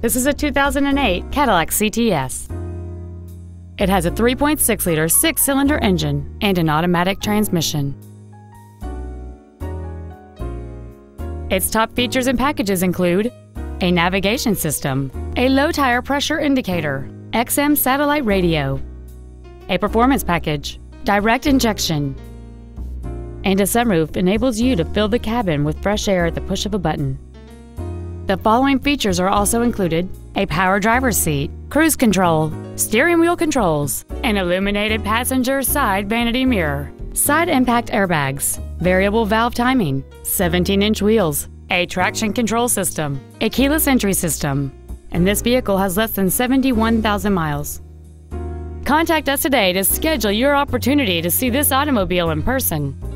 This is a 2008 Cadillac CTS. It has a 3.6-liter six-cylinder engine and an automatic transmission. Its top features and packages include a navigation system, a low tire pressure indicator, XM satellite radio, a performance package, direct injection, and a sunroof enables you to fill the cabin with fresh air at the push of a button. The following features are also included a power driver's seat, cruise control, steering wheel controls, an illuminated passenger side vanity mirror, side impact airbags, variable valve timing, 17 inch wheels, a traction control system, a keyless entry system, and this vehicle has less than 71,000 miles. Contact us today to schedule your opportunity to see this automobile in person.